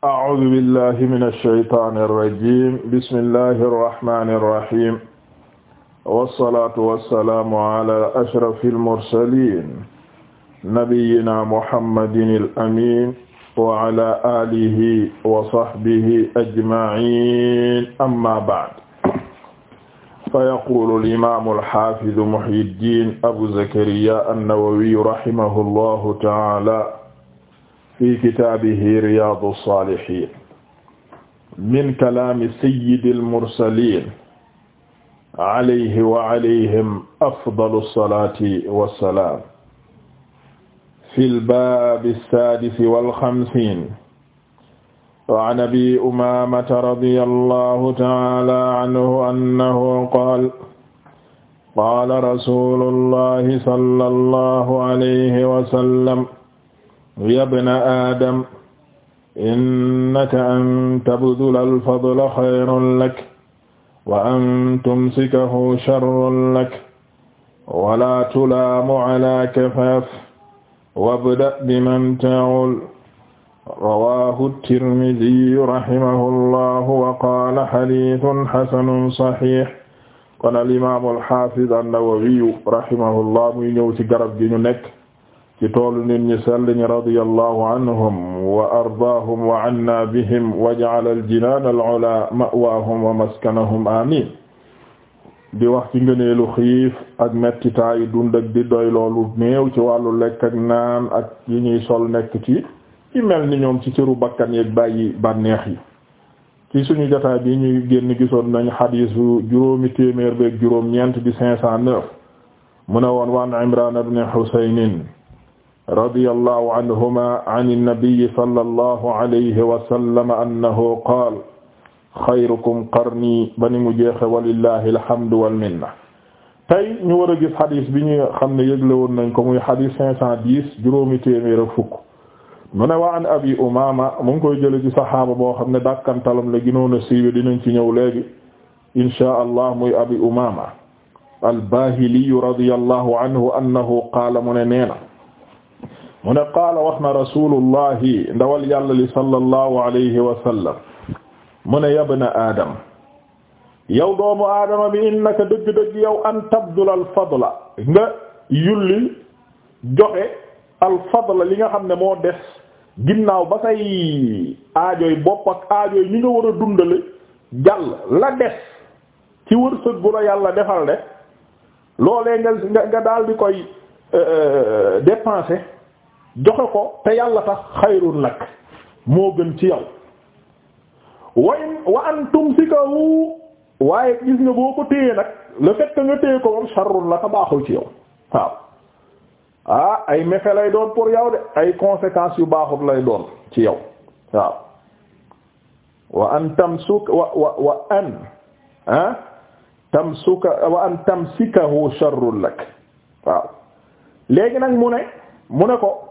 أعوذ بالله من الشيطان الرجيم بسم الله الرحمن الرحيم والصلاة والسلام على أشرف المرسلين نبينا محمد الأمين وعلى آله وصحبه أجمعين أما بعد فيقول الإمام الحافظ محي الدين أبو زكريا النووي رحمه الله تعالى fi kitaabihi riyaadu saalihiin min kalaami sayyidil mursaliin alayhi wa alayhim afdalu salaati wa salaam fil baabi saadisi wal xamsiin wa an abii umaamata radiyallaahu ta'aalaa anhu annahu qaala qaala rasuulullaahi sallallaahu alayhi wa sallam yabna adam innaka an tabdula alfadla xayrun lak wa an tumsikahu sharrun lak wala tulaamu ala kafaaf wabda biman ta'ul rawahu tirmidiyu rahimahullahu wa qaala xadiisun xasanun saxiix kon al imaamu alxaafiz annawawiyu rahimahullah muy ñëw ci garab gi ñu nekk ci toolu nit ñi sell ñi radiyallahu anhum wa ardaahum wa anna bihim wa ja'ala al-jinaan al-'ulaa wa maskanahum amiin di wax ci ngëneelu xiif ak mettitaayu dund ak di doy loolu néew ci wàllu lekk ak naan ak yi ñuy sol nekk ci ci mel ni ñoom ci cëru bakkan yeeg bàyyi bànneex yi ci suñu jotaay bi ñuy génn gisoon nañ xadiisu juróomi téeméer beeg juróom ñeent di cinq cent mu ne woon waan Imraan ibn Husayn radiyallahu anhuma an an-nabiyyi sallallahu alayhi wa sallam annahu qaala xayrukum qarni ba ni mu jeexe walillahi alhamdu wal minna tey ñu war a gis xadis bi ñu xam ne yëgle woon nañ ko muy xadis cinq cent dix juróomi téeméer ak fukk mu ne waa an abi umama mu ngi koy jële ci saxaaba boo xam ne dàkkantalam la gënoon a siiwe dinañ ci ñëw léegi inchaa allah muy abi umama albahiliyu radiyallahu anhu annahu qaala mu ne nee na mu ne qaala wax na rasulullahi ndawal yàlla li sallallahu alayhi wa sallam mu ne yabna aadam yow doomu aadama bi innaka dëgg-dëgg yow an tabdula alfadla nga yulli joxe alfadla li nga xam ne moo des ginnaaw ba say aajoy bopp ak aajoy ni nga war a dundale jàll la des ci wërsëg bu la yàlla defal de loolee nga nga daal di koy euh, euh, dépenser joxe ko te yàlla tax xayrun lak moo gën ci yow wa in wa an tumsikahu waaye gis nga boo ko téyee nag le fait que nga téye ko moom sharrun lak baaxul ci yow waaw ah, ay méfaits lay doon pour yow de ay conséquences yu baaxul lay doon ci yow waaw wa an tamsuk wa wa wa an ah tamsuka wa an tamsikahu sharrun lak waaw léegi nag mu ne mu ne ko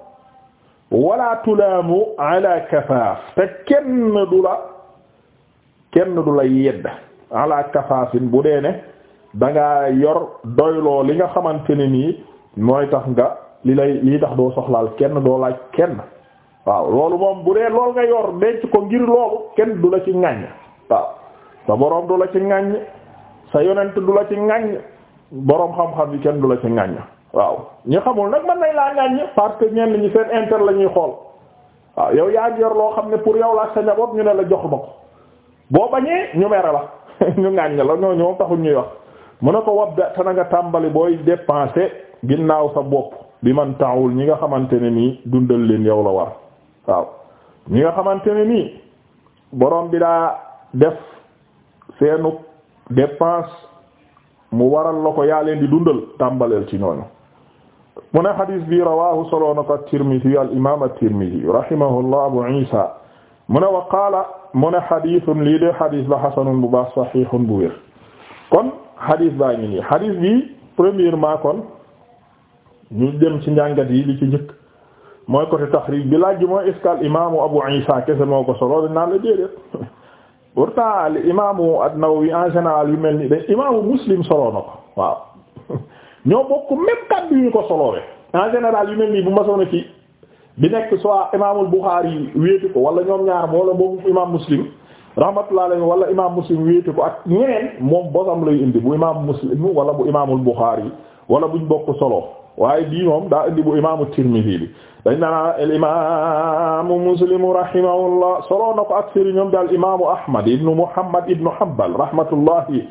wala tulaamu ala kafaaf te kenn du la kenn du la yedd ala kafaafin bu dee ne da yor doyloo li nga xamante ne nii mooy tax nga li lay lii tax doo soxlaal kenn doo laaj kenn waaw loolu moom bu dee lool nga yor denc ko ngir loolu kenn du la ci ŋaññ waaw sa boroom du la ci ŋaññ sa yonent du la ci ŋaññ boroom xam-xam yi kenn du la ci ŋaññ waaw ñi xamul nag mën nañ laa ñaan parce que ñenn ñi seen intérêt la ñuy xool waaw yow yaa yor loo xam ne pour yow laa sa njaboot ñu ne la jox ma ko boo bañee ñu mere la ñu ngaañ la ñoo ñoo taxul ñuy wax mën ne ko wabda te nga tàmbali booy dépenser ginnaaw sa bopp bi man taawul ñi nga xamante ne nii dundal leen yow la war waaw ñi nga xamante ne nii borom bi daa def seenu dépense mu waral la ko yaa leen di dundal tàmbaleel ci ñooñu mu ne xadis bi rawahu soloo na ko at-Tirmidhi al imam at-Tirmidhi rahimahullah Abu Isa mu ne wa qaala mu ne xaditun lii de xadis la xasanun bu baax saxihun bu wér kon xadis baa ngi nii xadis bi premièrement kon ñu dem ci njàngat yi li ci njëkk mooy côté taxrij bi laaj bi mooy est-ce que al imaamu Abu Isa kese moo ko solo dañ naan la déedéet pourtant al imaamu an-Nawawi en général yu mel ni dañ imaamu Muslim solo na ko waaw ñoo bokk même kàddu ñu ko soloowe en général yu mel nii bu ma soona ki bi nekk soit imaamul Buxaari yi wéetu ko wala ñoom ñaar wala boobu imaam Muslim rahmatullah alayhi wala imaam Muslim wéetu ko ak ñeneen moom bosam lay indi bu imaam Muslim wala bu imaamul Buxaari yi bu buñ bokk solo waaye bii moom daa indi bu imaamu Tirmidhi bi dañ naan al imaamu Muslim rahimahullah solo na ko ak sëriñam daal imaamu Ahmad ibnu Muhammad ibnu Hanbal rahmatullahi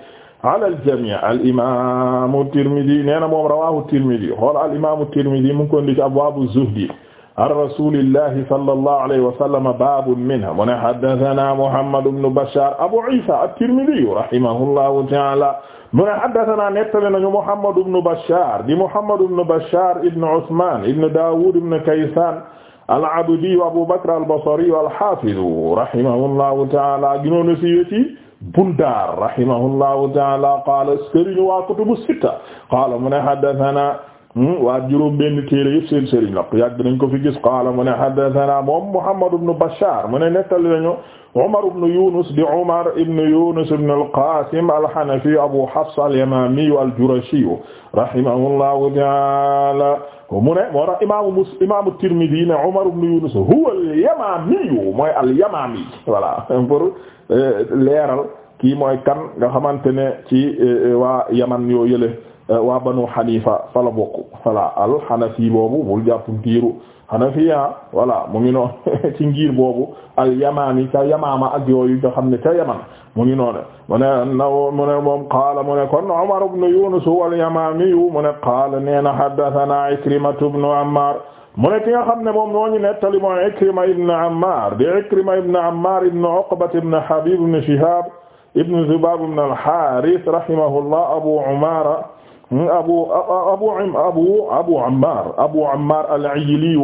ala al-jamii al-imaamu Tirmidi nee na moom rawaahu Tirmidi xool al-imaamu Tirmidi mu ngi ko indi ci abwaabu zuhdi an rasulillahi sallallahu alayhi wa sallam baabun minhu mu ne haddasanaa Muhammad ibn Bashaar Abu Iisaa at-Tirmidi rahimahullahu ta'aala mu ne haddasanaa nettali nañu Muhammad ibn Bashaar di Muhammad ibn Bashaar ibn Usmaan ibn Daawuud ibn Kaysaan al-Abdi wa Abu Bakr al-Basri al-Hafiz rahimahullahu ta'ala ginoon siiwe ci Bundaar rahimahullahu ta'ala qala sëriñ wa kutubu sitta qala mu ne haddathana Hmm? waa juróom benn téere yëpp seen sëriñ la yàgg nañ ko fi gis qaala mu ne haddathana moom Muhammad ibn Bashar mu ne nettali nañu Umar ibn Yunus di Umar ibn Yunus ibn al-Qasim al-Hanafi Abu Hafs al-Yamami al-Jurashi rahimahullahu ta'ala mu ne moo tax imaamu mus imaamu Tirmidhi ne Umar ibn Yunus huwa al-Yamami mooy al-Yamami voilà pour euh, leeral kii mooy kan nga xamante ne ci euh, waa Yaman yoo yële Euh, waa banu xanifa fala bokk voilà alxanafi boobu bul jàpp ngiiru xanafiya ah, voilà mu ngi noonu ci ngir boobu al yamaami ca yamaama ak yooyu nga xam ne ca yaman mu ngi noonu mu ne naw mu ne moom qaala mu ne kon Umar ibn Yunus wal yamaami mu ne qaala nee na haddathana Ikrimatu ibn Ammar mu ne ki nga xam ne moom moo ñu nettali mooy Ikrima ibn Ammar di Ikrima ibn Ammar ibn Uqba ibn Habib ibn Shihab ibn Zubab ibn al-Harith rahimahullah Abu Umara abu abu abu abu ammar abu ammar al-Ijli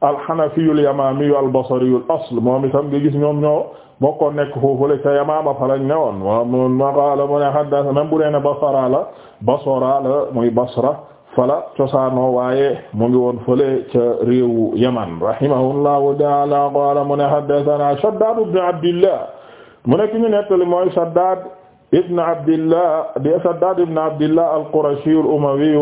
al-Hanafi al-Yamami al-Basri al-asl moom itam nga gis ñoom ñoo bokkoon nekk foofule ca Yamaama fa lañ newoon waaw moom maqaala mu ne haddatha même bu dee ne Basra la Basra la muy Basra fala cosaanoo waaye mu ngi woon fële ca réewu Yaman rahimahullahu ta'ala qaala mu ne haddathana Shaddad ibn Abdillah mu nekk ñu nettali mooy Shaddad ibn abdillah di Shaddad ibn abdillah al-Qurashi al-Umawi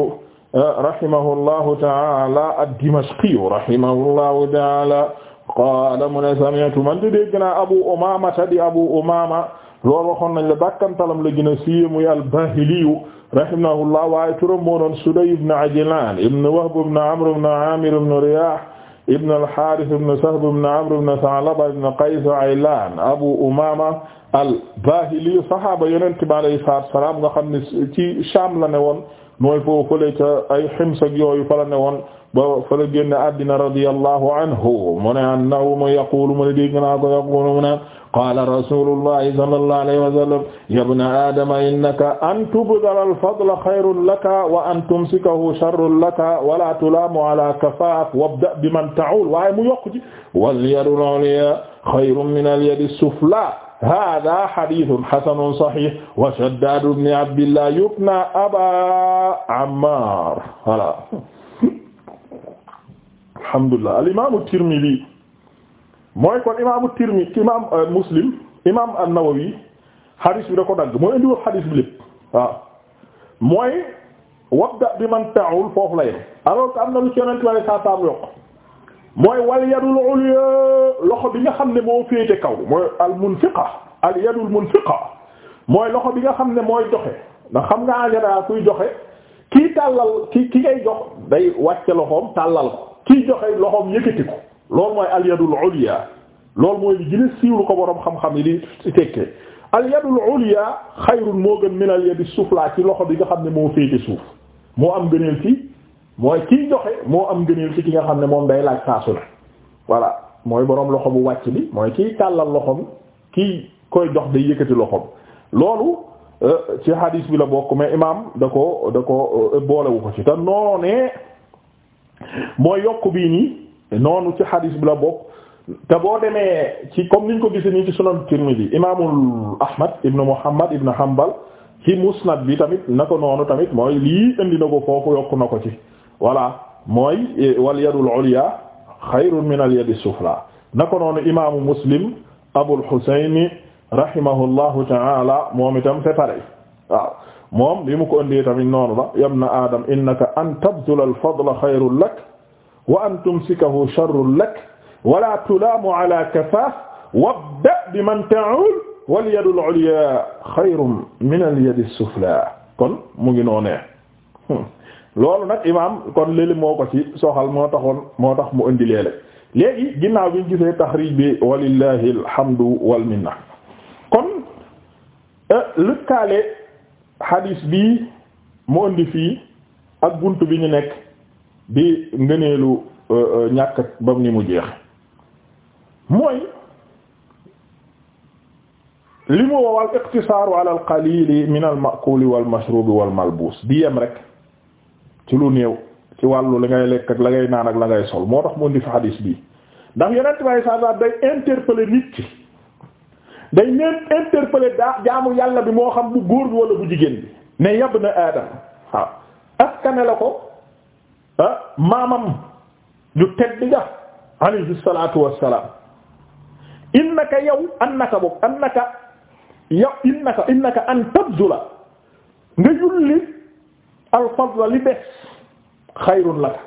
eh, rahimahullahu ta'ala ad-Dimashqi rahimahullahu ta'ala qaala mu ne sami'tu man di dégg naa Abu Umaama di Abu Umaama loolu waxoon nañ la dakkantalam la gën a siiwee muy al-Bahili rahimahullah waaye turam moo doon Sudayy ibn Ajlan ibn Wahb ibn Amr ibn Amir ibn Riyah ibn al-Harith ibn Sahb ibn Amr ibn Tha'laba ibn Qays Aylan Abu Umama al-Bahili saxaaba Yonent bi alayhi salaatu wa salaam nga xam ne ci Sham la ne woon mooy foofu fële ca ay Hims ak yooyu fala ne woon ba fala génne addina radiyallahu anhu mu ne annahu mu yaqulu mu ne dégg naa ko yaqulu mu ne qaala rasulullahi sallallahu alayhi wa sallam ya ibna adama innaka an tubdala alfadla xayrun laka wa an tumsikahu sharrun laka wala tulaamu ala kafaak wabda biman ta'ul waaye mu yokk ci walyadul ulya xayrun min alyadi sufla hada xaditun xasanun saxix wa shaddadu bni abdillah yukna aba ammar voilà alhamdulillah alimamu tirmidi mooy kon imamu tirmidi imam euh, muslim imam an-nawawi xadis bi da ko dagg mooy indiwoon xadis bi lépp waaw mooy wabda bi man ta'ul foofu la yem alors que am na lu ci yonent bi sallallahu alayhi wa sallam yokk mooy wal yadul ulya loxo bi nga xam ne moo féete kaw mooy al munfiqa al yadul mooy loxo bi nga xam ne mooy joxe ndax xam nga en général kuy joxe kii tàllal ki ki ngay jox day wàcce loxoom tàllal ko kii joxe loxoom yëkkati ko loolu mooy al yadul ulya loolu mooy li gën a ko boroom xam-xam yi di ci tekkee al yadul ulya xayrun moo gën min al yadi ci loxo bi nga xam ne moo féete suuf moo am gëneel fii mooy kiy joxe moo am gëneel ci ki nga xam ne moom day laaj saasu la voilà mooy boroom loxo bu wàcc bi mooy kiy tàllal loxom kiy koy jox day yëkkati loxom loolu euh, ci hadis bi la bokk ma imaam da ko da ko euh, boolewu ko ci te noonee mooy yokk bii nii noonu ci hadis bi la bokk te boo demee ci comme niñ ko gisee nii ci sunan Tirmidhi imaamul Ahmad ibn Muhammad ibn Hanbal ci musnad bi tamit na ko noonu tamit mooy lii indi na ko foofu yokk na ko ci voilà mooy eh, wal yadul ulya xayrun min al yadi sufla nako noonu imaamu muslim abul husayn rahimahullahu ta'ala moom itam c'est pareil waaw moom bi mu ko ëndee tamit noonu la yabna adam innaka an tabdula al fadla xayrun lak wa an tumsikahu sharrun lak wala tulaamu ala kafaaf wabda bi man ta'ul wal yadu al ulya xayrun min al yadi sufla kon mu ngi noonee hmm. loolu nag imaam kon léegi moo ko ci soxal moo taxoon moo tax mu indi léeg léegi ginnaaw bi ñu gisee taxriij bi walillahi alhamdu wal kon euh, lëkkaale hadis bi mu indi fii ak bunt bi ñu nekk bi ngëneelu euh, euh, ñàkk bam ni mu jeex mooy li mu wowal iqtisaaru ala al qalili min al maquli wal mashrubi wal malbuus di yem rek ci lu néew ci wàllu li ngay lekk la ngay naan ak la ngay sol moo tax mu indi fi xadiis bii ndax yeneen way sasab day interpeller nit day interpeller daa jaamu yàlla bi moo xam bu góor bi wala bu jigéen bi ne yab na aadam waaw askane la ko ah, maamam ju tedd ja alayhi salatu wassalam innaka yow annaka boobu annaka yow innaka innaka an tabzula nga julli al fadla li des la laka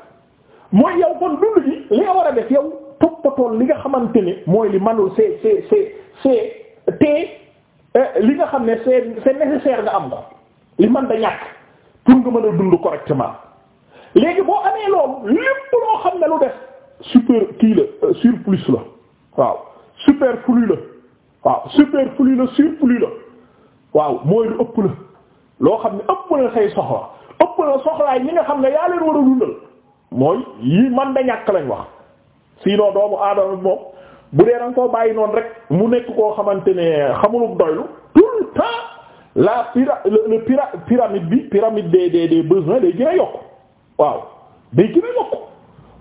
mooy yow kon dund gi li nga war a def yow tool li nga xamante ni mooy li manul c'est c'est c'est c'est te euh, li nga xam ne c'est c'est nécessaire nga am ko li man da ñàkk pour nga mën a dund correctement léegi boo amee loolu lépp loo xam ne lu def super kii la euh, surplus la waaw superflu la waaw superflu la surplus la waaw mooy lu ëpp la loo xam ne ëpp la say soxla ëpp la soxlaay yi nga xam ne yaa leen war a dundal mooy yii man da ñàkk lañ wax sinon doomu aadama moom bu dee danga koo bàyyi noonu rek mu nekk koo xamante ne xamulum doylu tout le temps la pyra le pyra pyramide bi pyramide des des des besoins day gën a yokk waaw day gën a yokk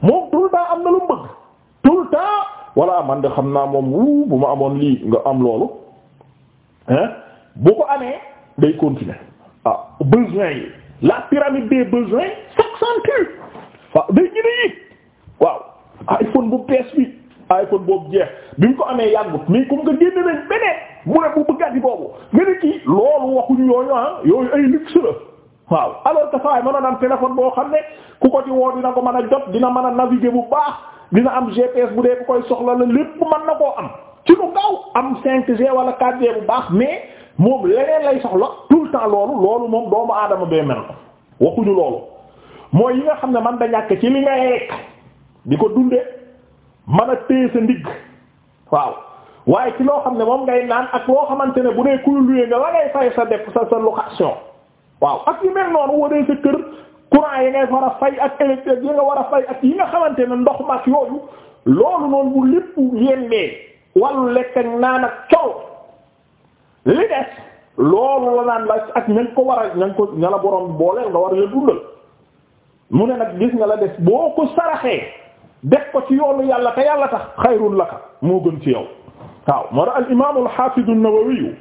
moom tout temps am na lu mu bëgg tout le temps voilà man de xam naa moom wu bu ma amoon lii nga am loolu hein bu ko amee day continuer ah yi la pyramide des besoins s'accentue waaw day gën a yéeg waaw iPhone bu bees bi iPhone boobu jeex bi mu ko amee yàggut mais comme que génne nañ beneen mu ne bu bëggaat yi boobu nga ne kii loolu waxuñu yooyu ah yooyu ay luxe la waaw alors que sawaay mënoon am téléphone boo xam ne ku ko ci woo dina ko mën a jot dina mën a naviguer bu baax dina am GPS bu dee bu koy soxla la lépp man na koo am ci lu gaaw am 5G wala 4G bu baax mais moom leneen lay soxla tout le temps loolu loolu moom doomu aadama bee mel ko waxuñu loolu mooy yi nga xam ne man da ñàkk ci li nga lekk di ko dunde mën a téye sa ndigg waaw waaye ci loo xam ne moom ngay naan ak loo xamante ne bu dee kuy luye nga la ngay fay sa def sa sa location waaw ak yu mel noonu waree sa kër courant yi ngay war a fay ak électrique yi nga war a fay ak yi nga xamante ne ndox mag yooyu loolu noonu bu lépp yendee wàllu lekk ak naan li des loolu la naan la ak ña ko war a ña ko ña la borom booleel nga war a leen dundal mu ne nag gis nga la des boo ko saraxee def ko ci yoonu yàlla te yàlla tax xayrul laka moo gën ci yow waaw moo tax al imaamu al xaafidu an-Nawawi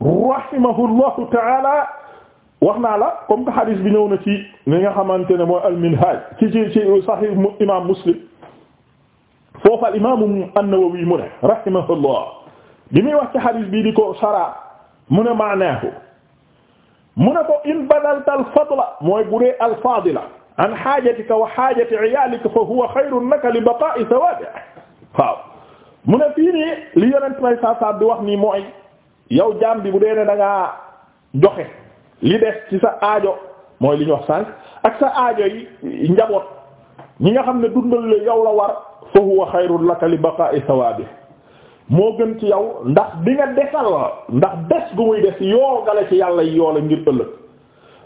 rahimahullahu taala wax naa la comme que hadis bi ñëw na ci li nga xamante ne mooy al-Minhaj ci ci ci Sahih imaam Muslim foofu al imaamu an-Nawawi mu ne rahimahullah bi muy wax ci xadiis bii di ko sara mu ne maanaahu mu ne ko in badalta alfadla mooy bu dee alfadila an xaajatika wa xaajati iyaalika fa huwa xayrun laka li baqaa'i thawaabi waaw mu ne fii nii li yonent may bi wax nii mooy yow jaam bi bu dee ne da joxe li des ci sa aajo mooy li ñu wax sànq ak sa aajo yi njaboot ñi nga xam ne dundal la yow la war fa huwa xayrun laka li baqaa'i moo gën ci yow ndax di nga desal ndax des gu muy des yoo gale ci yàlla yoo yoole ngir ëllëg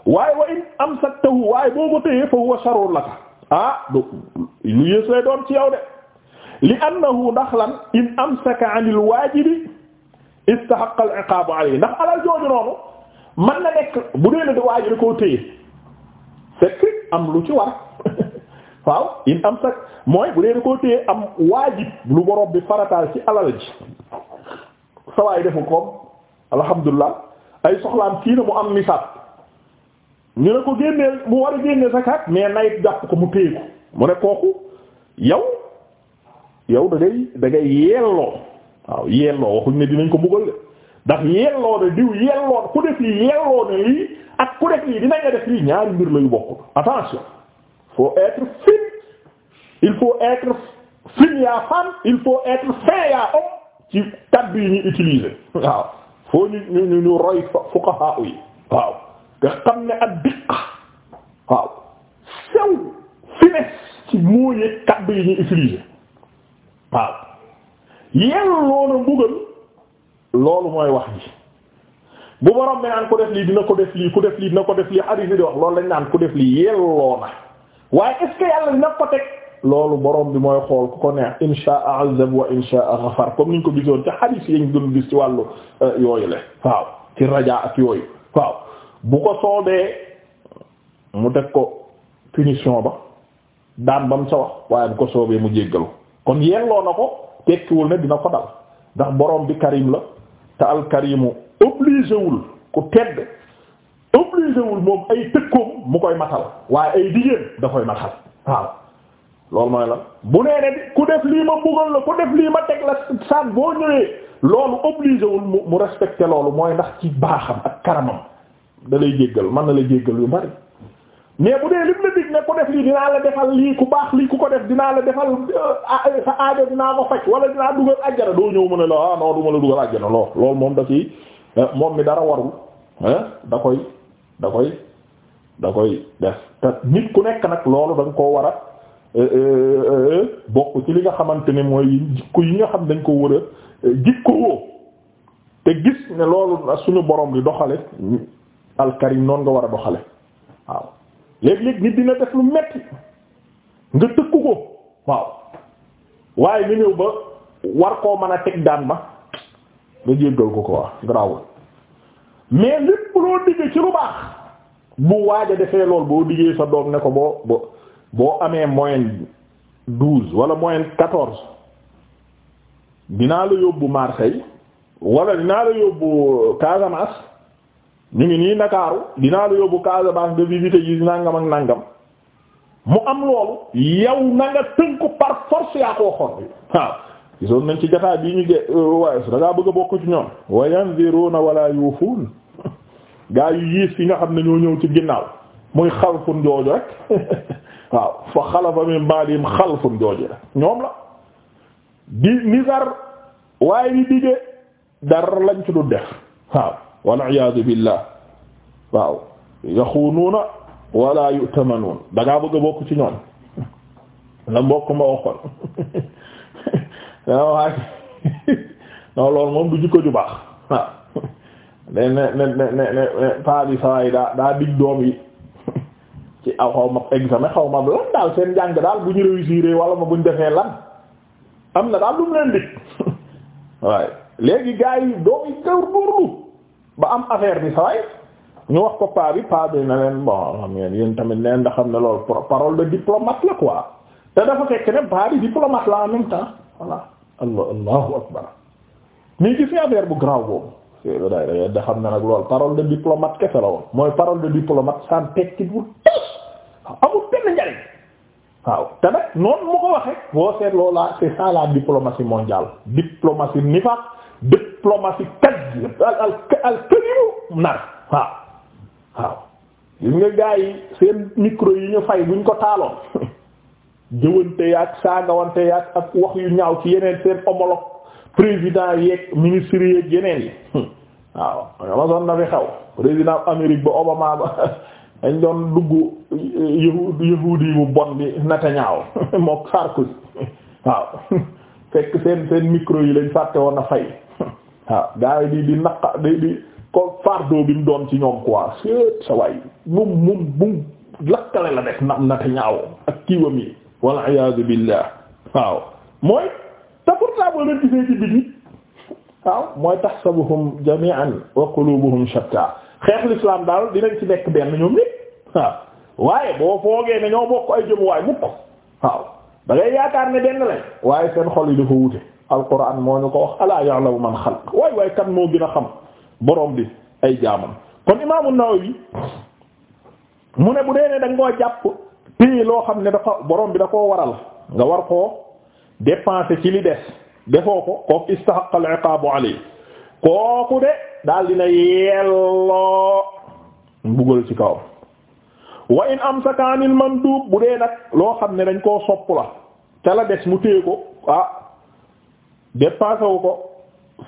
waaye wa in am sa tawu waaye boo ko téyee fa huwa sharrun laka ah lu yées lay doon ci yow de li annahu ndax lan in amsaka anil waajibi istahaqqa iqaabu alayhi ndax alal jooju noonu man na nekk bu dee la di waaji da koo téye fekk am lu ci war waaw in am sax mooy bu dee da koo téye am waajib lu borom bi farataal ci alal ji sawaay defu koom alhamdulilah ay soxlaam kii na mu am nisaab ñu ne ko génneel mu war a génne zakat mais nay jàpp ko mu téye ko mu ne kooku yow yow da ngay da ngay waaw yelloo waxuñ ne dinañ ko mbugal de ndax yelloo ne diw yelloo ku def lii yelloo ne lii ak ku def lii dinañ nga def lii ñaari mbir lañu bokkul attention faut être fin il faut être fin yaa femme il faut être fin yaa homme ci kaddu yi ñuy utiliser waaw foo ñu ñu ñu roy fuqaha yi waaw nga xam ne ak diq waaw sew finesse ci mooyee kaddu yi ñuy utiliser waaw yell loolu mbugal loolu mooy wax ji bu borom bi naan ku def lii dina ko def lii ku def lii dina ko def lii hadith di wax loolu lañ naan ku def lii yelloo na waaye est ce que nag ko teg loolu borom bi mooy xool ku ko neex inshaa azab wa inshaa ghafar comme niñ ko gisoon ci hadith yi ñu doon gis ci wàllu euh, yooyu le waaw ci raja ak yooyu waaw bu ko soobee mu teg ko punition ba daan bam mu sa wax waaye bu ko soobee mu jéggalu kon yelloo na ko tekkiwul ne dina ko dal ndax borom bi karim la te al karimu obligé ku tedd obligé wul moom ay tëkkoom mu koy matal waaye ay digéen da koy matal waaw loolu bu ne ku def lii ma la ku def lii ma teg la saan boo ñëwee loolu obligé mu mu loolu mooy ndax ci baaxam ak karamam da lay jéggal mën na la jéggal yu bari mais bu dee lim la lii dinaa la defal lii ku lii ku ko def dinaa la defal euh, sa dinaa ko faj wala dinaa dugal àjjana doo ñëw mu ne la ah non ma la dugal àjjana lool moom da ciy euh, moom mi dara warul da koy. da koy da koy def te nit ku nekk nag loolu da koo war a euh, euh, euh, bokk ci li nga xamante ne mooy jikko yi nga xam dañ ko war a jikko woo te gis ne loolu suñu borom di doxale alkarim noonu nga war a doxale waaw léeg-léeg nit dina def lu metti nga tëkku ko waaw waaye nga ñëw ba war koo mën a teg daan ba nga jéggal ko ko waaw garaawul mais lépp loo digg ci lu baax bu waaj a defee lool boo diggee sa doom ne ko boo boo boo amee moyenne douze wala moyenne quatorze dinaa la yóbbu Marseille wala dinaa la yóbbu Casamance ñu ngi nii Ndakaaru dinaa la yóbbu Casamance de visiter yi nangam ak nangam mu am loolu yow na nga tënku par force yaa koo xor bi waaw gisoon nañ ci jotaay bii ñu ge waaye bëgg a bokk ci ñoom wa yanziruna wala yuufuun gaa yu yiis yi nga xam ne ñoo ñëw ci ginnaaw muy xalfun jooju rek waaw fa xalafa min ba'dihim xalfun jooju rek ñoom la di nizar waaye di digge dara lañ ci du def waaw wal iyaadu billah waaw yaxunuuna wala yu'tamanuun da ngaa bëgg a bokk ci ñoom la mbokk ma waxoon waaw waaye non loolu moom du jikko ju baax ne ne ne ne ne paa bi sawaay daa daa doom yi ci aw xaw ma examen xaw ma lan daal seen njàng daal bu ñu réussir wala ma buñ defee lan am na daal lu leen dig waaye léegi gars yi doom yi kër duurlu ba am affaire bi sawaay ñu wax ko paa bi paa bi na leen bon xam ngeen yéen tamit neen da xam ne loolu parole de diplomate la quoi te dafa fekk ne paa bi diplomate la en même temps allah allahu akbar mais gis nga affaire bu grave boobu day da xam na nag lool parole de diplomate kese la woon mooy parole de diplomate san tekki wul waaw amul benn njariñ waaw te nag noonu mu ko waxee boo seet loolaa c'est ça la diplomatie mondiale diplomatie nifaq diplomatie kadib al al kadibu nar waaw waaw gis nga gars yi seen micro yi ñu fay buñ ko taaloon jëwante yaag saagawante yaag ak wax yu ñaaw ci yeneen seen homologue président yeeg ministre yeeg yeneen yi hmm. waaw dama na fi xaw président Amérique ba Obama ba dañ doon dugg eh, yahuud yahuud bu bon bi Netanyahu mook Sarkozy waaw fekk seen seen micro yi lañ fàtte woon a fay waaw gars di di naqa di di ko fardeau bi mu doon ci ñoom quoi seet sa waay mum mum mum lakkale la def na Netanyahu ak kiiwam yi wal iyaadu billah waaw mooy pourtant boo leen gisee ci biti waaw mooy tahsabuhum jami'an wa qulubuhum shatta xeex l'islam daal dinañ ci nekk benn ñoom ñépp waaw waaye boo foogee ne ñoo bokk ay jëmuwaay mukk waaw da ngay yaakaar ne benn lañ waaye seen xol yi dafa wute alquran moo ñu ko wax alaa ya'lamu man xalaq waay waay kan moo gën a xam borom bi ay jaamam kon imaamu Nawawi mu ne bu dee ne da koo jàpp pii eh, loo xam ne dafa borom bi da koo waral nga war koo dépensé ci li des defoo ko kooku istahaq al alay kooku de daal dina yelloo mbugal ci kawam wa in amsaka anil mandub bu dee nag loo xam ne dañ koo sopp la ca la des mu téye ko ah dépensé wu ko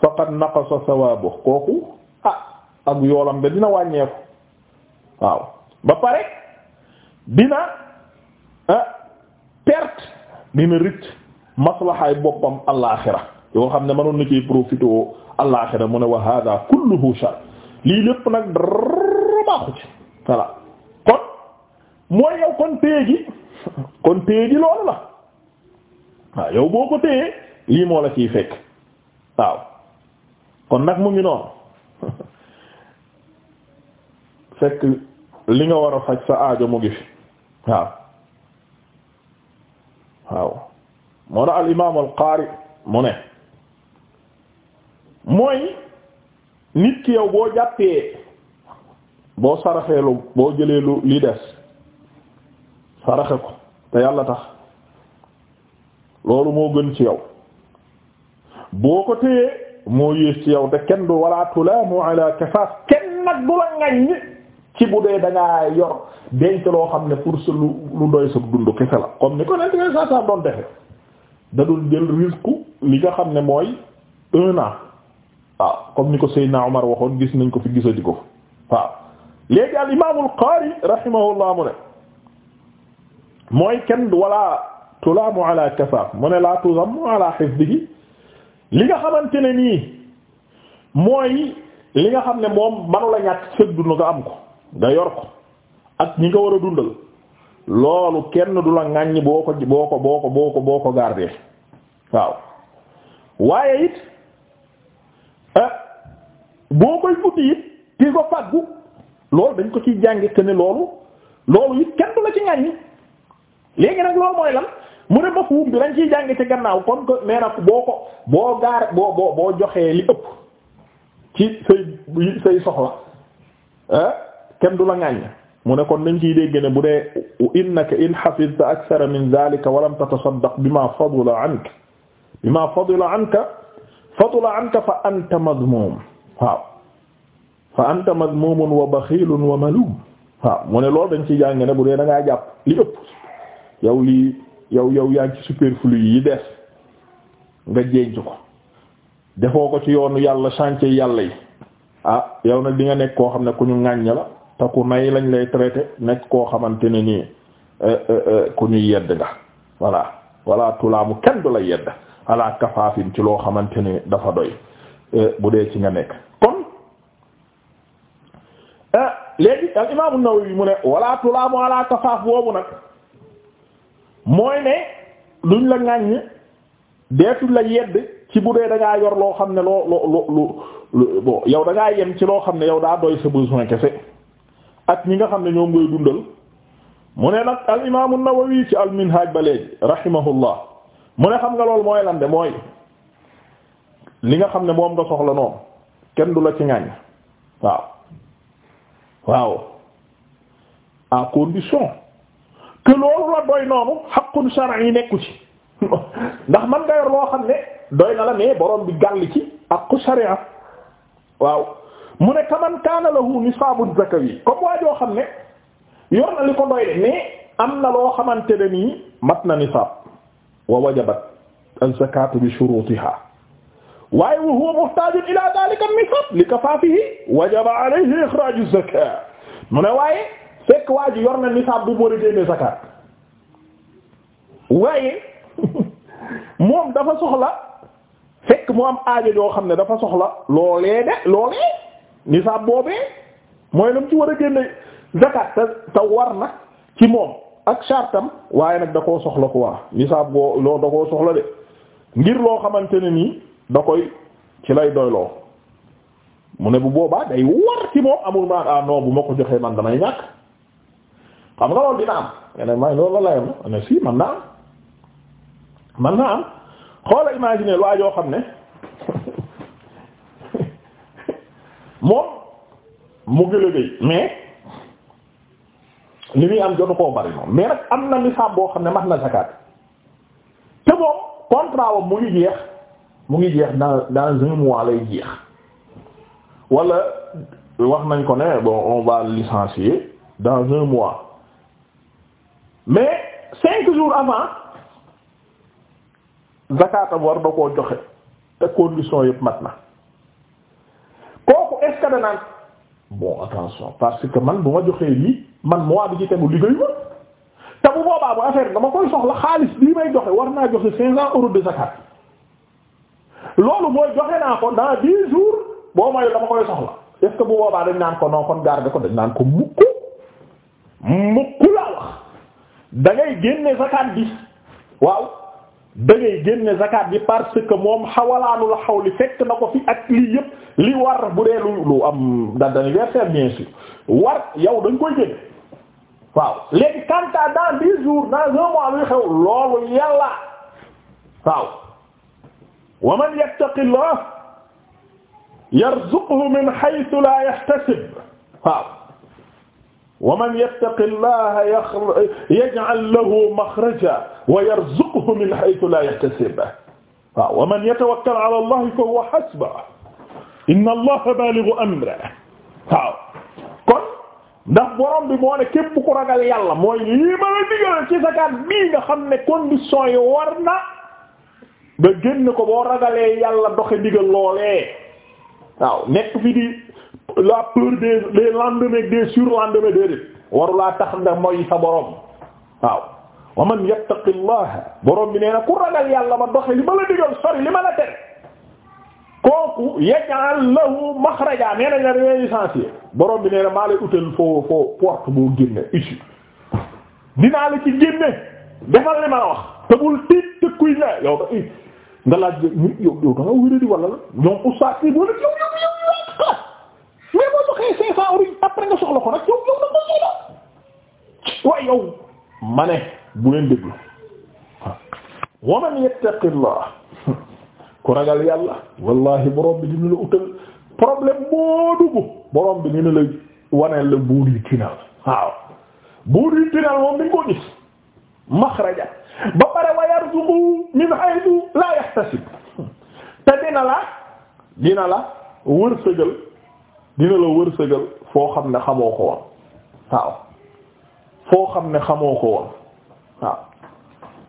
faqad naqasa sawabu kooku ah ak yoolam de dina wàññeeku waaw ba pare dina ah, perte dina rit maslahaay boppam alaaxira yoo xam ne manoon na ciy profité alaaxira mu ne wa hada kulluhu shar lii lépp nag dara ci voilà kon mooy yow kon téye gi kon téye gi loolu la waaw yow boo ko téyee lii moo la ciy fekk waaw kon nag mu ngi noonu fekk li nga war a faj sa aajo mu ngi fi waaw waaw moo tax al imaam al qaari mu ne mooy nit ki yow boo jàppee boo saraxeelu boo jëlee lu li des saraxe ko te yàlla tax loolu moo gën ci yow boo ko téyee moo yées ci yow te kenn du wala tulaamu ala kafaaf kenn nag du la ngañ ci bu dee da ngaa yor denc loo xam ne pour sa lu lu doy sa dund kese la comme ni ko nent nga saa doon defe da doon jël risque li nga xam ne mooy un an waaw comme ni ko Seydina Omar waxoon gis nañ ko fi gisati ko waaw léegi al imaamul qaari rahimahullah mu ne mooy kenn wala tulaamu ala kafaaf mu ne laa tuzammu ala hifdihi li nga xamante ne nii mooy li nga xam ne moom manu la ñàkk sëg dund nga am ko nga yor ko ak ñi nga war a dundal loolu kenn du la ŋàññ boo ko boo ko boo ko boo ko boo ko gardé waaw waaye it ah, boo koy guddi it kii ko fàggu loolu dañ ko ciy jàngi te ne loolu loolu it kenn du la ci ŋàññ léegi nag loolu mooy lan mu ne ba fuum bi dañ ciy jàngi ci gannaaw comme que nee boo ko boo gaar boo boo boo joxee li ëpp ci say say soxla ah kenn du la ŋàññ mu ne kon dañ ciy dégg ne bu dee innaka in hafizta akthara min dhalika wa lam tatasaddaq bima fadula anka bima fadula anka fadula anka fa anta madmum waaw fa anta madmumun wa baxilun wa malum waaw mu ne loolu dañ ciy jàng ne bu dee da ngaa jàpp li ëpp yow lii yow yow yaa ngi ci superflu yi des nga jénc ko defoo ko ci yoonu yàlla chantier yàlla yi ah yow nag di nga nekk koo xam ne ku ñu ŋàññ la te ku nay lañ lay traité nekk koo xamante ne nii eh, eh, eh, ku ñuy yedd nga voilà voilà tulaamu kenn du la yedd ala kafaafin ci loo xamante ni dafa doy bu dee ci nga nekk kon léegi al imaamu Nawawi mu ne wala tulaamu ala kafaaf boobu nag mooy ne luñ la ŋàññ deetuñ la yedd ci bu dee da yor loo xam ne loo loo loo bon yow da ngaa yem ci loo xam ne yow daa doy sa besoin kese ak ñi nga xam ne ñoom ngay dundal mu ne nag al imaamu Nawawi ci al minhaj ba léegi mu ne xam nga loolu mooy lan de mooy li nga xam ne moom nga soxla noonu kenn du la ci ŋàññ waaw waaw à condition que loolu la doy noonu xaqun shar'i yi nekku ci ndax man nga yor loo xam ne doy na la mais borom bi gàll ci aqu sharia waaw mu ne kaman kaana lahu nisaabu zakawi comme waa xam ne yor na li ko doy de mais am na loo xamante ne nii mat na nisaab wa wajabat az-zakaatu bi shuruutihaa waaye wa huwa muhtaajun ilaa daalika nisaab li kafaafihi wajaba alayhi ixraaju zakaat mu ne waaye fekk waa yor na nisaab bu bëri génne zakaat waaye moom dafa soxla fekk mu am aajo joo xam ne dafa soxla loolee de loolee. nisaab boobee mooy lam ci war a génne zakat te te war na ci moom ak chartam waaye nag da koo soxla ko waa nisaab boo loo da koo soxla de ngir loo xamante ne nii da koy ci lay doyloo mu ne bu boobaa day war ci moom amul maan ah bu ma ko joxee man damay ñàkk xam nga loolu dina am nga may loolu la layam ne si man naa am man naa am xoola imaginer waa joo xam ne mu ngi liggéey mais li muy am jotu koo bari noonu mais am na nisaab boo xam ne mat na zakat te moom contrat mu ngi jeex mu ngi jeex dans dans un mois lay jeex wala wax nañ ko ne bon on va licencier dans un mois mais cinq jours avant zakatam war da koo joxe te condition yëpp mat na kooku est-ce bon attention parce que man bu ma joxee lii man mois bi ci tegu liggéey ma te bu boobaa bu affaire dama koy soxla xaalis lii may joxe war naa joxe cinq cents euros de zakat loolu mooy joxe naa ko dans dix jours boo may dama koy soxla est-ce bu boobaa dañ naan ko non kon garder ko dañ naan ko mukk mukk laa wax da génne zakat bi waaw. da ngay génne zakat bi parce que moom xawalaanul xawli fekk na ko fi ak lii li war bu dee lu lu am date d'anniversaire bien sûr war yow dañ koy génne waaw léegi quant à dans dix jours dans un xew loolu yàlla waaw wa man yattaqillah yarzuqhu min haythu la yahtasib waaw wa man yattaqi llaha yaj'al lahu makhraja wa yarzuqhu min haythu la yahtasib waaw wa man yatawakkal ala allahi fa huwa hasbuh inna allaha balighu amrihi waaw kon ndax borom bi moo ne képp ku ragal yàlla mooy lii ma la digal ci zakat bii nga xam ne condition yi war na ba génn ko boo ragalee yàlla doxe digal loolee waaw nekk fi di la peur des des lendemains des surlendemains déedéet warulaa tax nga mooy sa borom waaw wa man yattaqillaha borom bi nee ku ragal yàlla ba doxe li ma la digal sori li ma la tere kooku yaj'al lahu makhraja nee na nga dee borom bi nee na utal foo foo porte boo génne issue dinaa la ci génne defal li ma la wax te bul tiit te kuy na yow da nga laaj yow yow da nga wéradi wala la ñoom oustaz yi boo la yow yow yow amee cinq cent euros après nga soxla ko wa ragal yàlla wallahi borom bi dina la utal problème moo dugg borom bi dina la waneel la buur yi tinal waaw buur yi moom dañ koo gis maxraja ba pare wa yarzuqu min haythu la yahtasib te dina la dina la wërsëgal dina la wërsëgal foo xam ne xamoo ko woon waaw foo xam ne xamoo ko woon waaw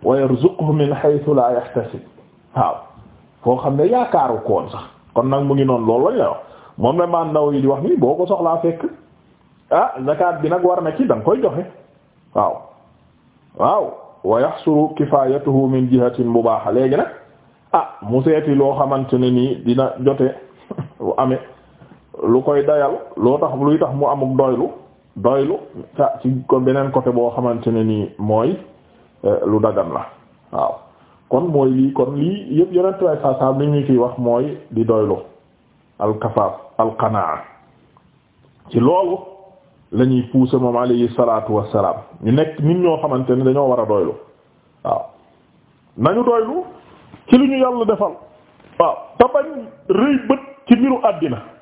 wa yarzuqhu min haythu la yahtasib waaw foo xam ne yaakaaru ko woon sax kon nag mu ngi noon loolu lañ lay wax moom la maan naw yi di wax nii boo ko soxlaa fekk ah zakat bi nag war na ci da nga koy joxe waaw waaw wa yaxsuru min jihatin mubaaha léegi nag ah mu seeti loo xamante ne nii dina jote bu amee lu koy dayal loo tax luy tax mu amuk doylu doylu ta ci kon beneen côté boo xamante ne nii mooy eh, lu dagan la waaw kon mooy lii kon lii yëpp yonent way saasaam li ñu ciy wax mooy di doylu alkafaaf alqanaa ci loolu la ñuy pousser moom alayhi salaatu wassalaam ñu nekk nit ñoo xamante ni dañoo war a doylu waaw nañu doylu ci li ñu yàlla defal waaw te rëy bët ci mbiru àddina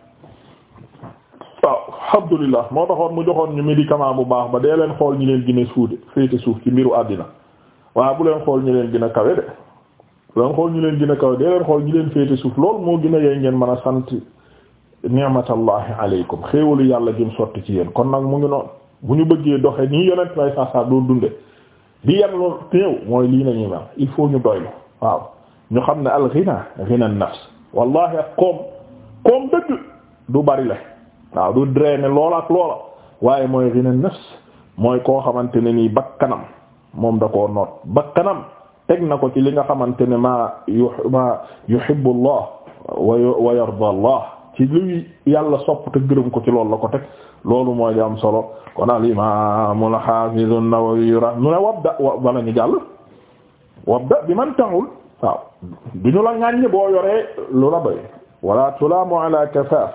alhamdulillah moo taxoon mu joxoon ñu médicament bu baax ba dee leen xool ñi leen gën a suude féete suuf ci mbiru àddina waaw bu leen xool ñu leen gën a kawe de bu leen xool ñi leen gën a kawe dee leen xool ñi leen féete suuf loolu moo gën a yey ngeen man a sant ni'matallahi alaykum xéewalu yàlla jëm sotti ci yéen kon nag mu ngi noonu bu ñu bëggee doxe nii yonent lay sasa doo dunde di yem loolu téew mooy lii nañuy mel il faut ñu doylu waaw ñu xam ne al ghina ghina an nafs wallahi ak koom koom dëgg bari la waaw du drainer loolaat ak loola waaye mooy rina nafs mooy koo xamante ne nii bakkanam moom da koo noot bakkanam teg na ko ci li nga xamante ne maa yu maa yuhibbu Allah wa Allah ci luy yàlla sopp te gërëm ko ci loolu la ko teg loolu mooy di am solo kon al imam al hafiz an-Nawawi mu ne wabda wala ñu jàll wabda bi man taxul du ñu la ŋàññ boo yoree lu la wala tulaamu ala kafaaf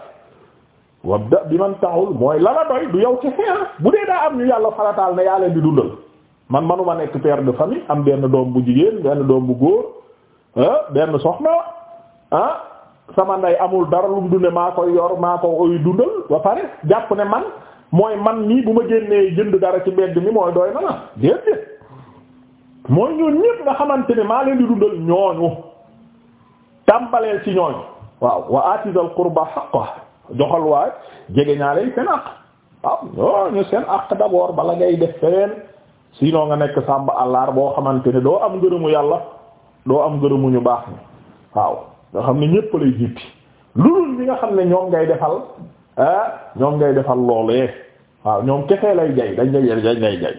wabda bi man taxul mooy la doy du yow ci xeer bu dee daa am ñu yàlla farataal ne yaa leen di dundal man manuma nekk père de famille am benn doom bu jigéen benn doom bu góor ah benn soxna ah sama ndey amul dara lu mu dunde maa koy yor maa ko oy dundal ba pare jàpp ne man mooy man nii bu ma génnee jënd dara ci mbedd mi mooy doy na la déedéet mooy ñooñu ñépp nga xamante ne maa leen di dundal ñooñu tàmbaleel ci ñooñu waaw wa atizal qurba haqqah joxal waay jege ñaale seen àq waaw ñu seen àq d'abord bala ngay def feneen sinon nga nekk sàmb àllaar boo xamante ne doo am ngërëmu yàlla doo am ngërëmu ñu baax ni waaw nga xam ne ñépp lay jippi lu dul ñi nga xam ne ñoom ngay defal ah ñoom ngay defal loolee waaw ñoom kefee lay jay dañ lay dañ lay jay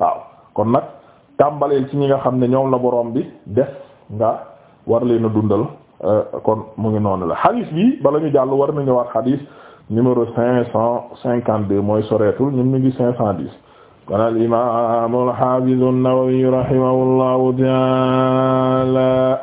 waaw kon nag tàmbaleel ci ñi nga xam ne ñoom la borom bi def nga war leen a dundal Euh, kon mu ngi noonu la hadith bi bala ñu jàll war nañu ñëwaat hadith numéro cinq cent cinquante deux mooy soreetul ñun ñu ngi cinq cent dix kon al imam al hafiz an-Nawawi rahimahullahu ta'ala